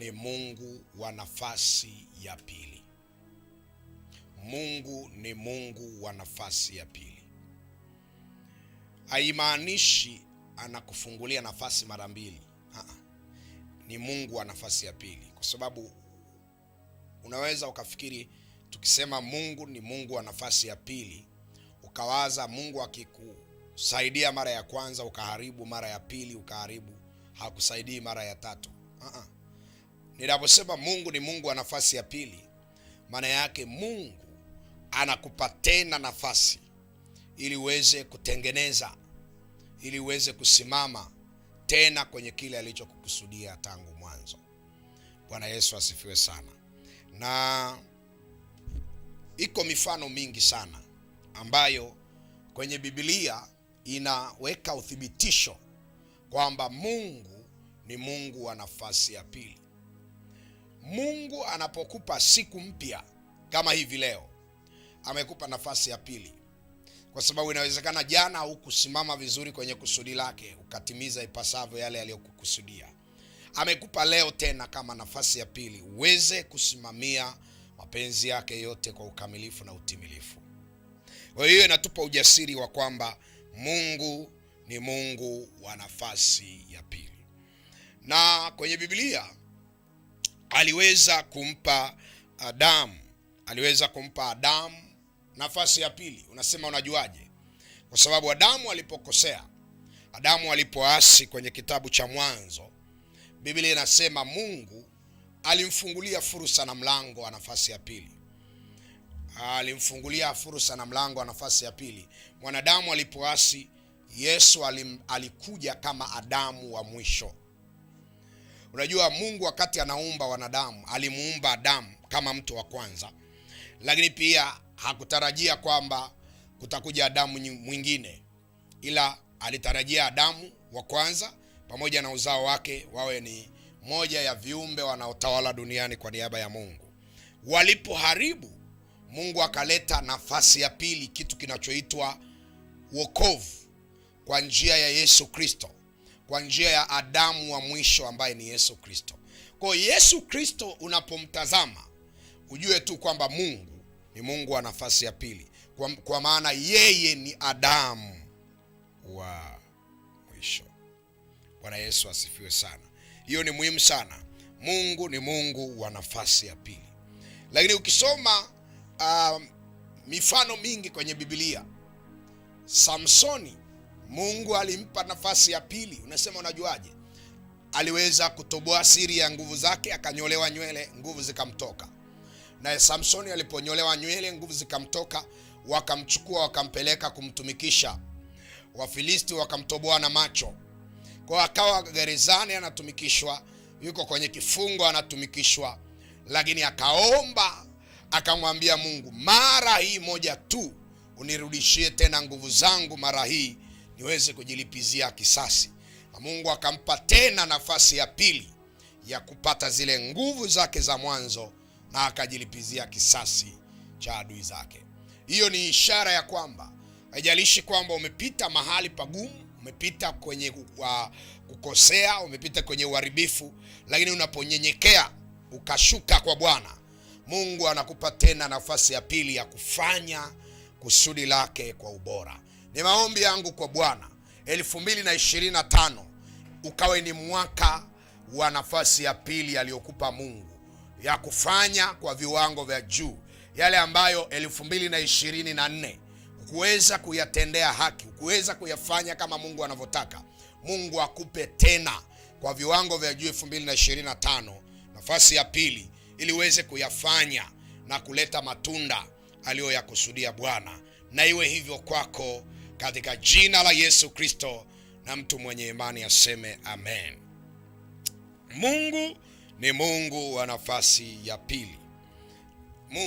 ni Mungu wa nafasi ya pili. Mungu ni Mungu wa nafasi ya pili. Haimaanishi anakufungulia nafasi mara mbili. Ni Mungu wa nafasi ya pili, kwa sababu unaweza ukafikiri tukisema Mungu ni Mungu wa nafasi ya pili, ukawaza Mungu akikusaidia mara ya kwanza ukaharibu, mara ya pili ukaharibu, hakusaidii mara ya tatu. Haa. Ninaposema Mungu ni Mungu wa nafasi ya pili, maana yake Mungu anakupa tena nafasi ili uweze kutengeneza, ili uweze kusimama tena kwenye kile alichokukusudia tangu mwanzo. Bwana Yesu asifiwe sana. Na iko mifano mingi sana ambayo kwenye Biblia inaweka uthibitisho kwamba Mungu ni Mungu wa nafasi ya pili. Mungu anapokupa siku mpya kama hivi leo, amekupa nafasi ya pili, kwa sababu inawezekana jana hukusimama vizuri kwenye kusudi lake ukatimiza ipasavyo yale aliyokukusudia Amekupa leo tena kama nafasi ya pili uweze kusimamia mapenzi yake yote kwa ukamilifu na utimilifu. Kwa hiyo inatupa ujasiri wa kwamba Mungu ni Mungu wa nafasi ya pili, na kwenye Biblia aliweza kumpa Adamu, aliweza kumpa Adamu nafasi ya pili. Unasema unajuaje? Kwa sababu Adamu alipokosea, Adamu alipoasi kwenye kitabu cha Mwanzo, Biblia inasema Mungu alimfungulia fursa na mlango wa nafasi ya pili, alimfungulia fursa na mlango wa nafasi ya pili. Mwanadamu alipoasi, Yesu alim, alikuja kama Adamu wa mwisho Unajua Mungu wakati anaumba wanadamu alimuumba Adamu kama mtu wa kwanza, lakini pia hakutarajia kwamba kutakuja Adamu mwingine, ila alitarajia Adamu wa kwanza pamoja na uzao wake wawe ni moja ya viumbe wanaotawala duniani kwa niaba ya Mungu. Walipoharibu, Mungu akaleta nafasi ya pili, kitu kinachoitwa wokovu kwa njia ya Yesu Kristo kwa njia ya Adamu wa mwisho ambaye ni Yesu Kristo. Kwa Yesu Kristo unapomtazama ujue tu kwamba Mungu ni Mungu wa nafasi ya pili, kwa, kwa maana yeye ni Adamu wa mwisho. Bwana Yesu asifiwe sana. Hiyo ni muhimu sana. Mungu ni Mungu wa nafasi ya pili, lakini ukisoma um, mifano mingi kwenye Biblia Samsoni Mungu alimpa nafasi ya pili. Unasema unajuaje? Aliweza kutoboa siri ya nguvu zake, akanyolewa nywele, nguvu zikamtoka. Naye Samsoni aliponyolewa nywele, nguvu zikamtoka, wakamchukua wakampeleka kumtumikisha Wafilisti, wakamtoboa na macho kwa, akawa gerezani anatumikishwa, yuko kwenye kifungo anatumikishwa, lakini akaomba akamwambia Mungu, mara hii moja tu unirudishie tena nguvu zangu, mara hii niweze kujilipizia kisasi, na Mungu akampa tena nafasi ya pili ya kupata zile nguvu zake za mwanzo, na akajilipizia kisasi cha adui zake. Hiyo ni ishara ya kwamba haijalishi kwamba umepita mahali pagumu, umepita kwenye kukosea, umepita kwenye uharibifu, lakini unaponyenyekea ukashuka kwa Bwana Mungu anakupa tena nafasi ya pili ya kufanya kusudi lake kwa ubora. Ni maombi yangu kwa Bwana 2025 ukawe ni mwaka wa nafasi ya pili aliyokupa Mungu ya kufanya kwa viwango vya juu yale ambayo 2024 hukuweza kuyatendea haki, hukuweza kuyafanya kama Mungu anavyotaka. Mungu akupe tena kwa viwango vya juu 2025 nafasi ya pili, ili uweze kuyafanya na kuleta matunda aliyoyakusudia Bwana, na iwe hivyo kwako katika jina la Yesu Kristo, na mtu mwenye imani aseme amen. Mungu ni Mungu wa nafasi ya pili.